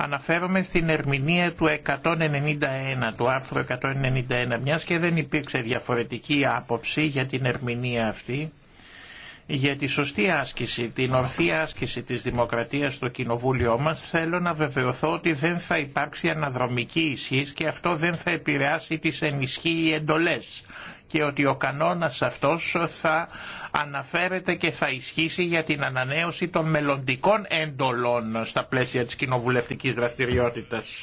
Αναφέρομαι στην ερμηνεία του 191, του άρθρου 191, μιας και δεν υπήρξε διαφορετική άποψη για την ερμηνεία αυτή, για τη σωστή άσκηση, την ορθή άσκηση της δημοκρατίας στο κοινοβούλιο μας, θέλω να βεβαιωθώ ότι δεν θα υπάρξει αναδρομική ισχύς και αυτό δεν θα επηρεάσει τις ενισχύει εντολές και ότι ο κανόνας αυτός θα αναφέρεται και θα ισχύσει για την ανανέωση των μελλοντικών έντολων στα πλαίσια της κοινοβουλευτικής δραστηριότητας.